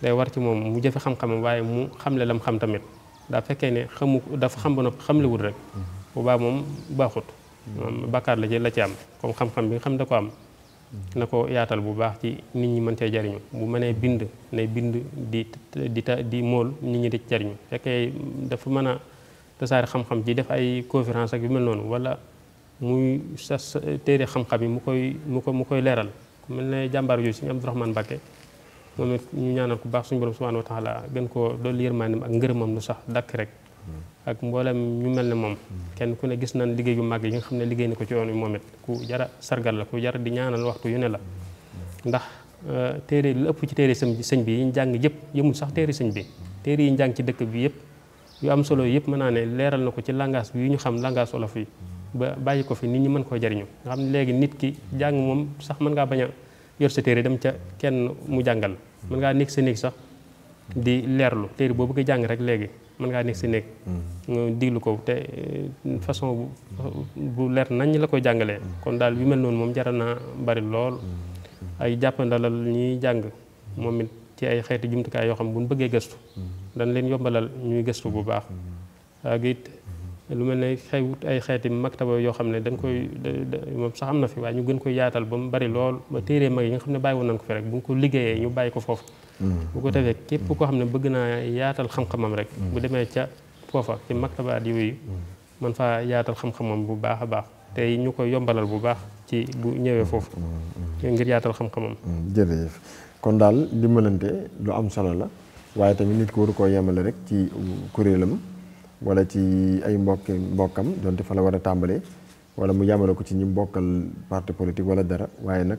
day war ci moom mu jëfe xam-xamam waaye mu xamle lam xam tamit daa fekkee ne xamu dafa xam ba noppi xamlewul rek bu moom baaxut moom bakkaar la ci la ci am comme xam-xam bi nga xam da ko am na ko yaatal bu baax ci nit ñi mën cee jariñu bu mënee bind ne bind di di mool nit ñi di ci jariñu fekkee dafa mën a tasaari xam-xam ci def ay conférence ak yu mel noonu wala muy sa téere xam-xam yi mu koy mu ko mu koy leeral ku mel ne jàmbaar jooju suñu Abdourahmane Mbacké moom it ñu ñaanal ku baax suñu borom subhanahu wa taala gën koo dolli yërmaandeem ak ngërëmam lu sax dakk rek ak mboolem ñu mel ne moom mm-hmm. kenn ku ne gis nañ liggéey yu mag yi nga xam ne liggéey na ko ci yoon wi ku jara sargal la ku jara di ñaanal waxtu yu ne la mm-hmm. ndax euh, téere lu ëpp ci téere sëñ bi yi ñu jàng yëpp yëmul sax téere sëñ bi mm-hmm. téere yi njàng ci dëkk bi yëpp yu am solo yëpp mën naa ne leeral na ko ci langage bi yu ñu xam langage olof yi ba bàyyi ko fi nit ñi mën koo jariñu nga xam léegi nit ki jàng moom sax mën ngaa bañ a yor sa téere dem ca kenn mu jàngal mën ngaa nekk sa néeg leerlu téere boo jàng léegi mën ngaa nekk si néeg mm-hmm. diglu ko te eh, façon bu leer nañ la koy jàngale mm-hmm. kon daal bi mel noonu moom jaral naa bari lool mm-hmm. ay jàppandalal ñuy jàng moom it ci ay xeeti jumtukaay yoo xam bu ñu bëggee gëstu dañ leen yombalal ñuy gëstu bu baax lu mel ne xay ay xeeti maktaba yoo xam ne dañ koy moom sax am na fi waaye ñu gën koy yaatal ba mu bari lool ba téere mag yi nga xam ne bàyyi woon nañ ko fi rek bu ñu ko liggéeyee ñu bàyyi ko foofu hmm. bu ko defee képp ko xam ne bëgg naa yaatal xam-xamam rek hmm. bu demee ca foofa ci maktabaat yooyu hmm. man faa yaatal xam-xamam bu baax a baax tey ñu ko yombalal bu baax ci bu ñëwee foofu ngir yaatal xam-xamam jërëjëf kon daal di dimbalante lu am solo la waaye tamit nit ko war koo yemale rek ci kuréelam wala ci ay mbokk mbokkam donte fa la war a tàmbalee wala mu yamale ko ci ñi mbokkal parti politique wala dara waaye nag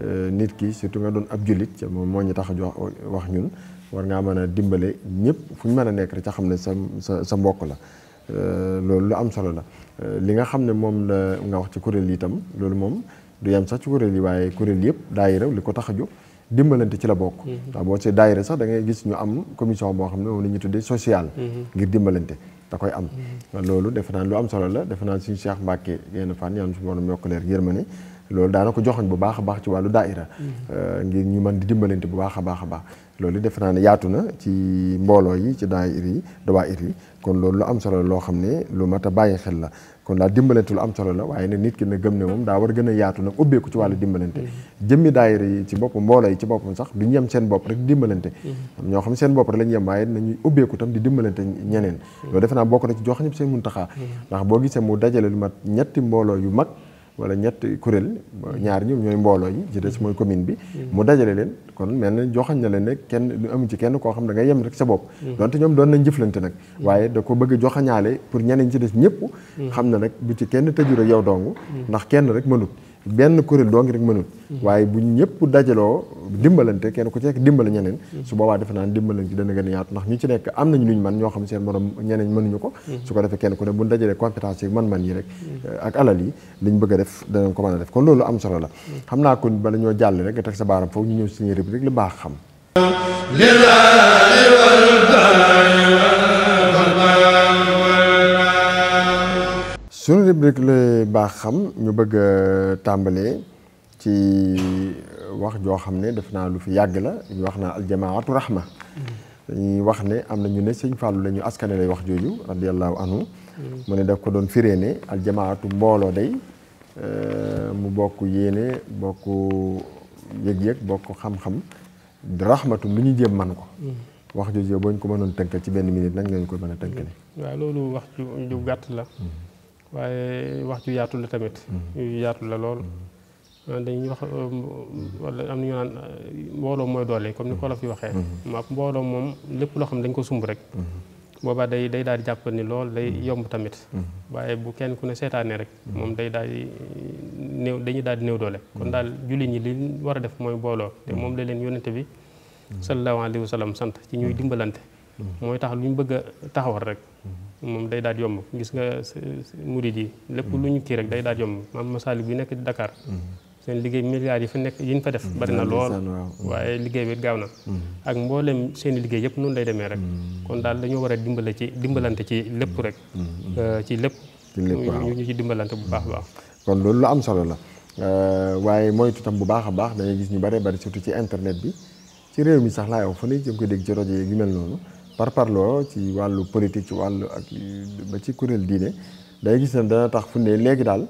euh, nit ki surtout nga doon ab jullit moom moo ñu tax a wax ñun war ngaa mën a dimbale ñëpp fu ñu mën a nekk ca xam ne sa sa sa mbokk la. Euh, loolu lu am solo la euh, li nga xam ne moom la nga wax ci kuréel yi itam loolu moom du yem sax ci kuréel yi waaye kuréel yëpp daayira li ko tax a jóg dimbalante ci la bokk. Mm-hmm. ndax boo see daayira sax dangay gis ñu am commission boo xam ne moom la ñuy tuddee sociale. Mm-hmm. ngir dimbalante. da koy am mm-hmm. loolu defe naan lu am solo la defe si suñu Cheikh Mbacke yenn fan yàlla na suñu borom yokk leer yërmande loolu daana ko joxoñ bu baax a baax ci wàllu daaira mm-hmm. ngir ñu mën di dimbalante bu baax a baax a baax loolu defe naa ne yaatu na ci mbooloo yi ci daayir yi dawaayir kon loolu lu am solo loo xam ne lu mat a bàyyi xel la kon daal dimbalante lu am solo la waaye nag nit ki na gëm ne moom daa war gën a yaatu nag ubbeeku ci wàllu dimbalante mm-hmm. jëmmi daayir yi ci boppam mbooloo yi ci boppam sax du ñu yem seen bopp rek di dimbalante mm-hmm. ñoo xam seen bopp rek la ñu yem waaye nañuy ubbeeku tam di dimbalante ñeneen loolu defe bokk na ci jox ñëpp seen muntaxaa ndax boo gisee mu dajale lu mat ñetti mbooloo yu mag wala ñett kuréel ñaar ñoom ñooy mbooloo yi ci des mooy commune bi mu dajale leen kon mel na joxañ na leen ne kenn du amu ci kenn koo xam da ngay yem rek sa bopp mm-hmm. donte ñoom doon nañ jëflante nag mm-hmm. waaye da ko bëgg joxañaale pour ñeneen ci des ñëpp mm-hmm. xam na nag bu ci kenn tëju rek yow dong ndax kenn rek mënut benn kuréel doo ngi rek mënul mhm. waaye bu ñëpp dajaloo dimbalante kenn ku ci nekk dimbale ñeneen mhm. su boobaa defe naan dimbalante ci dana gën a yaatu ndax ñu ci nekk am nañu luñ man ñoo xam seen morom ñeneen mënuñu ko mhm. su ko defee kenn ku ne bu dajalee compétence yi man-man yi rek eh, ak alal yi bëgg a def danañ ko a def kon loolu am solo la xam naa kon bala ñoo jàll rek nga teg sa baaram foofu ñu ñëw suñu rubrique li baax xam suñu rubrique lay baax xam ñu bëgg a euh, tàmbalee ci euh, wax joo xam ne def naa lu fi yàgg la ñu wax naa aljamaatu rahma dañuy wax ne am na ñu ne sëñ Fallou la askane lay wax jooju radiallahu anhu mm. mu ne def ko doon firee ne aljamaatu mbooloo day euh, mu bokk yéene bokk yëg-yëg bokk xam-xam rahmatu lu ñu jéem man ko mm. wax jooju boo ñu ko mënoon tënkal ci benn minute nan ngeen ko mën a tënkale mm. loolu wax ju gàtt la waaye wax ju yaatu la tamit. Mm-hmm. yu yaatu la lool. Mm-hmm. dañuy wax um, wala am na ñu naan uh, mbooloo mooy doole comme ni ko la fi waxee. Mm-hmm. ma mbooloo moom lépp loo xam ne dañ ko sumb rek. boobaa day day daal di jàpp ni lool day yomb tamit. waaye bu kenn ku ne seetaanee rek. moom day daal di uh, néew dañuy daal di néew doole. kon daal jullit ñi li war a def mooy mbooloo te moom la leen yónnate bi. sallallahu alayhi salaam sant ci ñuy dimbalante. mooy tax lu ñu bëgg a taxawal rek. moom day daal yomb gis nga murid yi lépp lu ñu kii rek day daal yomb maam Masaalik bi nekk dakaar seen liggéey milliards yi fa nekk yi ñu fa def bari na lool mm-hmm. waaye liggéey bi gaaw na mm-hmm. ak mboolem seen liggéey yëpp noonu lay demee rek mm-hmm. kon daal dañoo war a dimbale ci dimbalante ci lépp rek euh, ci lépp ñu ci dimbalante bu baax baax kon loolu lu am solo la euh, waaye moytu tam bu baax a baax dañuy gis ñu bare bari surtout ci internet bi ci réew mi sax laay wax fa ne jëm ko dégg ci mel noonu par loo ci wàllu politique ci wàllu ak ba ci kuréel diine day gis ne dana tax fu ne léegi daal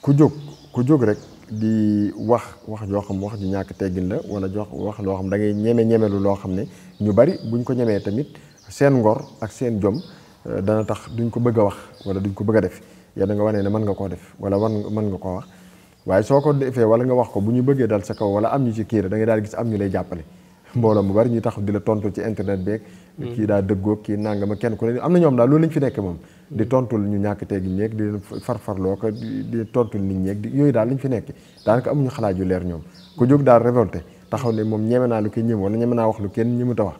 ku jóg ku jóg rek di wax wax joo xam wax ju ñàkk teggin la wala jox wax loo xam da ngay ñeme ñemelu loo xam ne ñu bari buñ ko ñemee tamit seen ngor ak seen jom euh, dana tax duñ ko bëgg a wax wala duñ ko bëgg a def yow na nga wane ne mën nga koo def wala wan mën nga koo wax waaye soo ko defee wala nga wax ko bu ñu bëggee dal sa kaw wala am ñu ci kiira da ngay daal gis am ñu lay jàppale. mbooloo mu bari ñuy taxaw di la tontu ci internet beeg. kii daa dëggoo kii nangama kenn ku ne am na ñoom daal loolu lañ fi nekk moom. di tontul ñu ñàkk teg ñeeg di farfarloo yooyu daal lañ fi nekk daanaka amuñu xalaat yu leer ñoom ku jóg daal révolté taxaw ne moom ñeme naa lu kenn ñeme wala ñeme naa wax lu kenn ñemut a wax.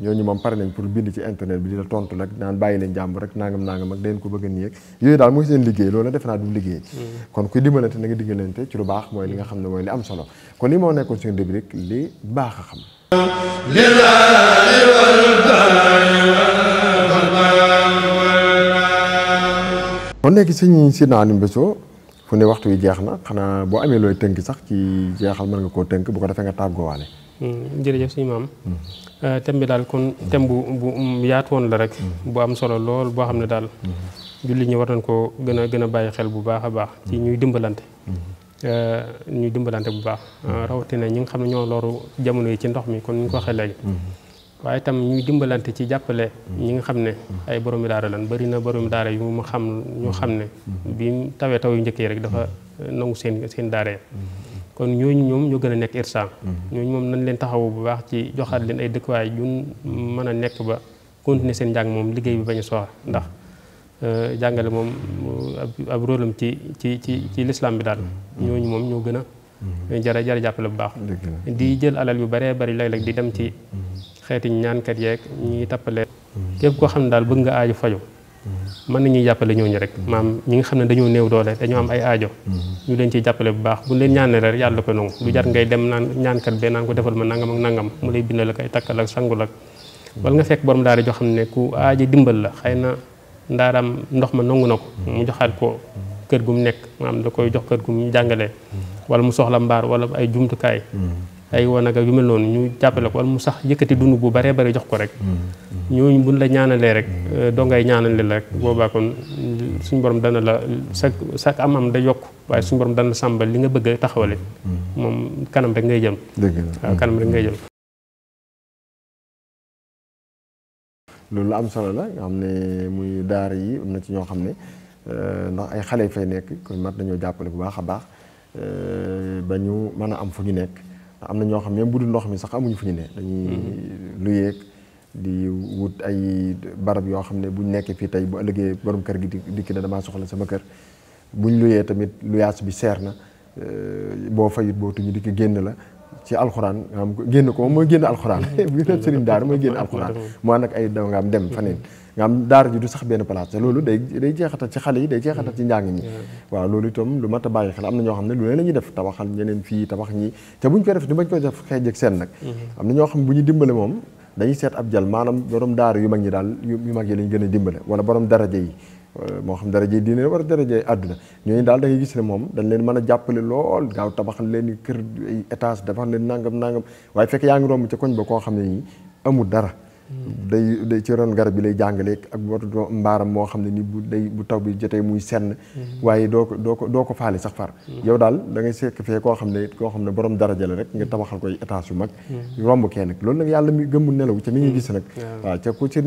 ñooñu moom pare nañ pour bind ci internet bi di la tontu nag naan jàmb rek nangam nangam ak dañ ko bëgg a nii seen liggéey loolu defe naa du liggéey mm. kon kuy dimbalante na nga dimbalante ci lu baax nga xam ne mooy li am solo kon li moo nekkoon suñu rubrique li baax a xam kon léegi sëñ Sidna Alioune Bousso fu ne waxtu wi jeex na xanaa boo amee looy tënk sax ci jeexal mën nga koo tënk bu ko defee nga tàggoowaale. Hmm, jërëjëf suñu maam. Hmm. Euh, thème bi daal kon hmm. thème bu bu yaatu woon la rek. bu am solo lool boo xam ne daal. jullit ñi war nañ koo gën a gën a bàyyi xel bu baax a baax. ci ñuy dimbalante. Euh, ñu dimbalante bu baax ah. euh, rawatina ñi nga xam ne ñoo loru jamono yi ci ndox mi kon ñu ko waxee léegi mm-hmm. waaye itam ñuy dimbalante ci jàppale mm-hmm. ñi nga xam ne mm-hmm. ay boromi daara lan bari na boroomi daara yu mu xam ñoo xam ne bi tawee taw yu njëkk yi rek dafa nangu seen seen daara kon ñooñu ñoom ñoo gën a nekk irsa ñooñu moom nañ leen taxawu bu baax ci joxaat leen ay dëkkuwaay jun mën a nekk ba continuer seen njàng moom liggéey bi bañ a soxla ndax Euh, jàngale moom euh, ab rôle am ci ci ci ci lislaam bi daal mm-hmm. ñooñu moom ñoo gën a mm-hmm. jara jara jàppale bu baax di jël alal yu baree bari léeg-léeg di dem ci mm-hmm. xeeti ñaankat yeeg ñuy tappalee képp koo xam ne daal bëgg nga aajo fajo mën na nañuy jàppale ñooñu rek maam ñi nga xam ne dañoo néew doole dañoo am ay aajo ñu leen ciy jàppale bu baax bu leen ñaanale rek yàlla ko nangu lu jar ngay dem naan ñaankat bee naan ko defal ma nangam ak nangam mu lay bindal ak ay takkal ak sangul ak wala la xëy na ndaaraam ndox ma nangu na ko mm-hmm. mu joxaat ko kër gu mu nekk da koy jox kër gu jàngale jàngalee mm-hmm. wala mu soxla mbaar wala ay jumtukaay mm-hmm. ay wanag ak yu mel noonu ñu jàppale ko wala mu sax yëkkati dund bu baree bari jox ko rek ñooñu buñ la ñaanalee rek euh, doo ngay ñaanale la rek boobaa kon suñ borom dana la sak sak amam da yokk waaye suñ borom dana sàmbal li nga bëgg a taxawale moom kanam rek ngay jëm waaw kanam rek ngay jëm loolu la am solo la nga xam ne muy daara yi am na ci ñoo xam ne euh, ndax ay xale fay nekk kon mat nañoo jàppale bu baax a baax euh, ba ñu mën a am fu ñu nekk am na ñoo xam ne bu dul ndox mi sax amuñu fu ñu ne dañuy mm-hmm. lu yeeg di wut ay barab yoo xam ne buñ nekkee fii tey bu ëllëgee borom kër gi di dikki na damaa soxla sama kër buñ luyee tamit luyaas bi seer na euh, boo fayut boo tuñu dikk génn la ci alxuraan nga xam génn ko mooy génn alxuraan bu gën a sëriñ daara mooy génn nag ay daw nga am dem faneen nga am daara ji du sax benn place te loolu day day jeexatal ci xale yi day jeexatal ci njàng mi mm. waaw loolu itam lu mat a bàyyi xel am na ñoo xam ne lu ne la ñuy def tabaxal ñeneen fii tabax ñi te buñ koy def du bañ koy def xëy jëg seen nag mm-hmm. am na ñoo xam bu ñu dimbale moom dañuy seet ab jal maanaam borom daar yu mag ñi daal yu mag yi lañ gën a dimbale wala borom daraja yi Euh, moo xam daraje diine war a daraje àdduna ñooñu daal da gis ne moom dañ leen mën a jàppale lool gaaw tabaxal leen kër ay étage tabaxal leen nangam nangam waaye fekk yaa ngi romb ci koñ ba koo xam ne nii amul dara day day ci ron garab bi lay jàngaleek ak watu mbaaram moo xam ne ni bu day bu taw bi jotee muy senn mm-hmm. waaye doo ko doo ko doo ko faale sax far mm-hmm. yow daal da ngay sekk fee koo xam ne koo xam ne borom daraja la rek nga mm-hmm. tabaxal koy étage yu mag romb kee nag loolu nag yàlla mi gëmmu nelaw ca mi ngi gis nag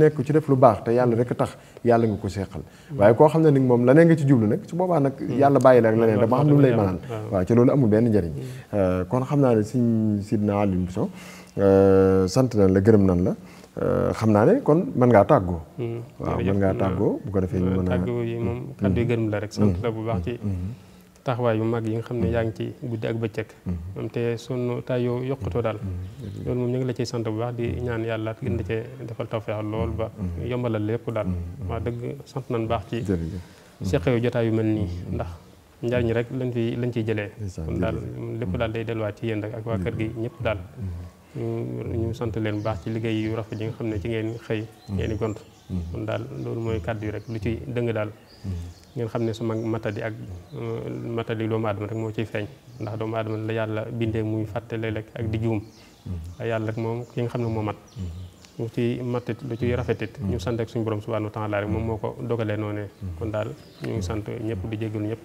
nekk ku lu baax te yàlla rek tax yàlla ko seeqal waaye koo xam ne nag moom leneen nga ci jublu nag su boobaa nag yàlla bàyyi la ak leneen dama xam lu mu lay mënaan waaw ca loolu amul benn njëriñ euh, kon xam naa ne suñ Sidna Aliou Bousso euh, sant nañ la gërëm nañ la Euh, xam naa ne kon mën ngaa tàggoo. Hmm. waaw a ngaa bu ko defee ñu hmm. mën a. tàggoo yi moom hmm. kàddu yu gërëm la rek sant la bu baax ci. taxawaay yu yi nga xam ne yaa ngi ci guddi ak bëccëg moom te sunu taayoo yokkutoo daal loolu moom ñu ngi la ciy sant bu baax di ñaan yàlla gën la cee defal tawfeex lool ba yombalal lépp daal wax dëgg sant nañ baax ci seq yu jotaay yu mel nii ndax njariñ rek lañ fi lañ ciy jëlee kon daal lépp daal day delluwaat ci yéen rek ak waa kër gi ñëpp daal ñu sant leen bu baax ci liggéey yu rafet yi nga xam ne ci ngeen xëy mm-hmm. ngeen di gont mm-hmm. kon daal loolu mooy kàddu yi rek lu ci dëng daal mm-hmm. ngeen xam ne sama matadi ak matadi doomu aadama rek moo ciy feeñ ndax doomu aadama la yàlla bindee muy fàtte léeg-léeg ak di juum la yàlla rek moom ki nga xam ne moo mat lu ci mattit lu ci rafetit ñu sant ak suñu borom subhanahu wa taala rek moom moo ko dogalee noonee kon daal ñu ngi sant ñëpp di jégalu ñëpp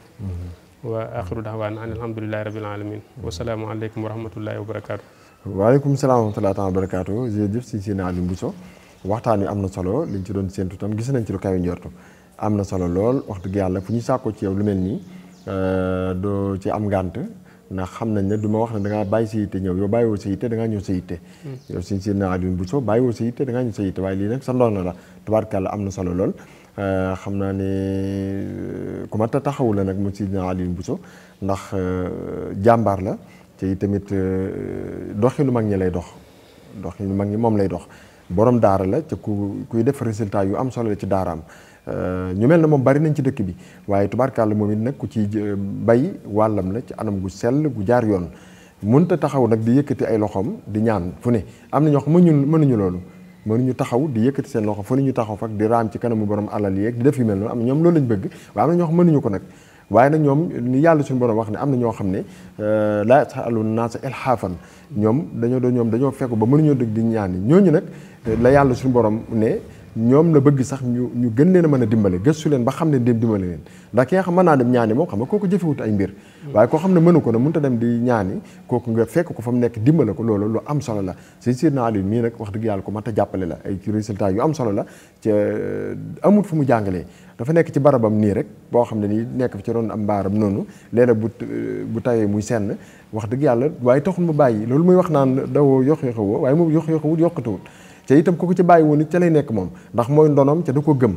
wa axiru dahwaan an alhamdulilahi rabil alamin wasalaamu aleykum wa rahmatullahi wa barakatu waaleykum salaam wa rahmatulah taala barakaatu jërëjëf si seen Aliou Bousso waxtaan wi am na solo liñ ci doon séntu tam gis nañ ci lu kawe njortu am na solo lool wax dëgg yàlla fu ñu sàkkoo ci yow lu mel nii euh, doo ci am ngànt ndax xam nañ ne du ma wax ne da bàyyi sa yitte ñëw yow bàyyiwoo sa yitte da ngaa ñëw sa yitte hmm. yow si seen Aliou Bousso bàyyiwoo sa yitte da ngaa ñëw sa yitte waaye lii nag sa ndox la la tubaarkàlla am na solo lool euh, xam naa ni ku ma taxawu la nag mu si Aliou Bousso ndax euh, jàmbaar la te itamit euh, doxinu mag ñi lay dox dox doxinu mag ñi moom lay dox borom daara la te ku kuy def résultat yu am solo la ci daaraam euh, ñu mel na moom bari nañ ci dëkk bi waaye tubaarkàlla moom it nag ku ci euh, bay wàllam la ci anam gu sell gu jaar yoon mënut a taxaw nag di yëkkati ay loxoom di ñaan fu ne am na ñoo xam mënuñu loolu mënuñu taxaw di yëkkati seen loxo fu ne ñu taxaw fak di raam ci kanamu borom alal yeeg di def yu mel noonu am na ñoom loolu lañ bëgg waaye am na ñoo ko nag waaye nag ñoom ni yàlla suñu borom wax ne am na ñoo xam ne euh, laa yasalu el xaafan ñoom dañoo doon ñoom dañoo fekku ba mënuñoo dëgg di ñaan ñooñu nag la yàlla suñu borom ne ñoom la bëgg sax ñu ñu gën leen a mën a dimbale gëstu leen ba xam ne dem dimbale leen ndax ki xam mën naa dem ñaani moom xam nga ko jëfewut ay mbir mm. waaye koo xam ne mënu ko ne mënut a dem di ñaani kooku nga fekk ko fa mu nekk dimbale ko loolu lu am solo la si sir na Aliou mii nag wax dëgg yàlla ko mat a jàppale la ay résultats yu am solo la ca amut fu mu jàngalee dafa nekk ci barabam nii rek boo xam ne nii nekk fi ci ron am mbaaram noonu léeg bu bu tawee muy senn wax dëgg yàlla waaye taxul mu bàyyi loolu muy wax naan dawoo yox yoxawoo waaye moom yox yoxawut yokkatuwut te itam ko ko ci bàyyi woon it ca lay nekk moom ndax mooy ndonoom ca da ko gëm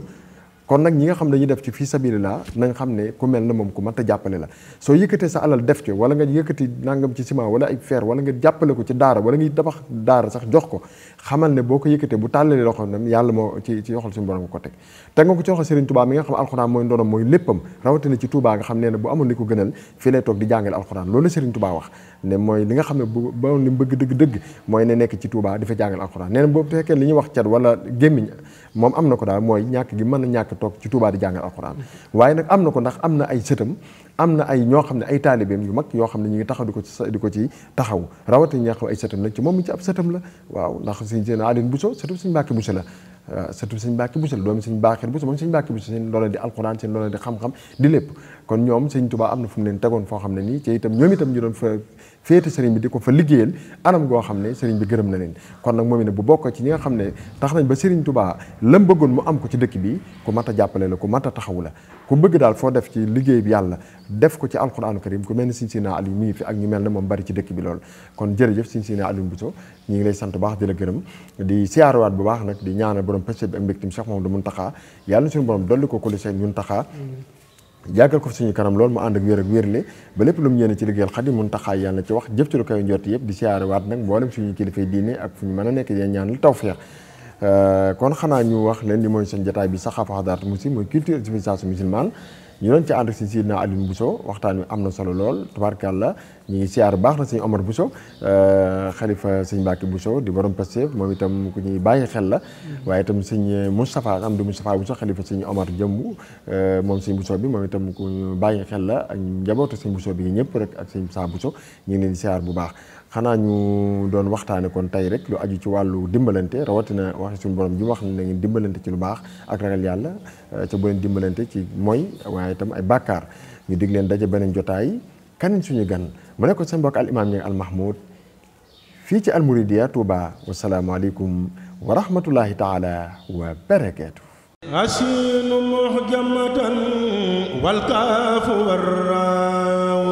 kon nag ñi nga xam dañuy def ci fii sabilillah nañ xam ne ku mel na moom ku mat a jàppale la soo yëkkatee sa alal def ci wala nga yëkkati nangam ci ciment wala ay fer wala nga jàppale ko ci daara wala nga tabax daara sax jox ko xamal ne boo ko yëkkatee bu tàllalee loxo nam yàlla moo ci ci yoxal suñu borom ko teg teg nga ko ci loxo Serigne Touba mi nga xam alxuraan mooy ndonom mooy léppam rawatina ci Touba nga xam ne ne bu amoon li ko gënal fii lay toog di jàngale alxuraan loolu la Serigne dëgg mooy ne nekk ci Touba di fa jàngale alxuraan nee na boo fekkee li ñuy wax cat wala gémmiñ moom am ko daal mooy ñàkk gi mën a ñàkk toog ci Touba di jàngal alxuraan waaye nag am na ko ndax am na ay sëtam am na ay ñoo xam ne ay taalibeem yu mag yoo xam ne ñu ngi taxaw di ko ci ko ci taxaw rawati ñi nga xam ay sëtam nag la waaw ndax sëñ seen Alioune Bousso sëtu sëñ Mbàkke Bousso la ah, sëtu sëñ Mbàkke Bousso la xam-xam di lépp kon ñoom sëñ Touba am na fu mu leen tegoon foo xam ne nii ci itam ñoom itam ñu doon féete sëriñ bi di ko fa liggéeyal anam goo xam ne sëriñ bi gërëm na leen kon nag moom it ne bu bokk ci ñi nga xam ne tax nañ ba sëriñ Touba lam bëggoon mu am ko ci dëkk bi ku mat a jàppale la ku mat a taxaw la ku bëgg daal foo def ci liggéey bi yàlla def ko ci alxuraanu karim ku mel ni Sëriñ Sina Aliou mi fi ak ñu mel ne moom bari ci dëkk bi lool kon jërëjëf Sëriñ Sina Aliou Bousso ñi ngi lay sant baax di la gërëm di siyaarawaat bu baax nag di ñaanal borom pëcc bi ak mbégtim Cheikh Mamadou Muntaxa yàlla suñu borom dolli ko seen ñun taxaa jàkkal ko fi suñu kanam loolu mu ànd ak wér ak wérle ba lépp lu mu yéene ci liggéeyal Xaadim Muntaxa yàlla ci wax jëf ci lu koy njort yëpp di siyaare waat nag mboolem suñu kilifay diine ak fu a nekk ñaan lu tawfeex euh, kon xanaa ñu wax leen li mooy seen jataay bi a xadarat muslim mooy culture et civilisation musulmane ñu doon ci ànd si si Sidna Alioune Bousso waxtaan wi am na solo lool tubaarkàlla ñu ngi siyaar baax na sëñ Omar Bousso euh, xalifa sëñ Mbacke Bousso di borom Pastef moom itam ku ñuy bàyyi xel la mm-hmm. waaye itam sëñ Moustapha am du Moustapha Bousso xalifa sëñ Omar jëmm euh, moom sëñ Bousso bi moom itam ku bàyyi xel la ak njabootu sëñ Bousso bi ñëpp rek ak saa bu so ñu ngi leen siyaar bu baax xanaa ñu doon waxtaane kon tey rek lu aju ci wàllu dimbalante rawatina waxi suñu borom ji wax na ngeen dimbalante ci lu baax ak ragal yàlla eh, ca bu leen dimbalante ci mooy waaye tam ay bàkkaar ñu dig leen daje beneen jotaay kanin suñu gan mu ne ko mbokk al imaam ñi al mahmoud fii ci al muridiya Touba wasalaamaaleykum wa rahmatullahi taala wa barakaatu asinu muhjamatan wal kaafu warraaw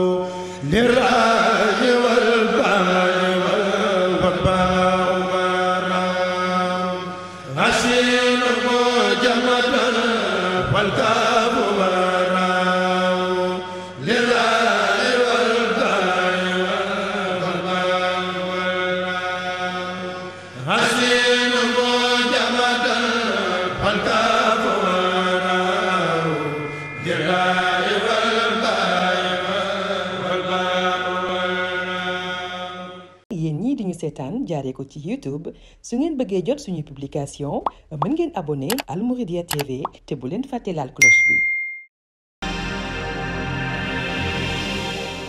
seetaan jaaree ko ci YouTube su ngeen bëggee jot suñuy publication mën ngeen abonné Al TV te bu leen fàtte laal cloche bi.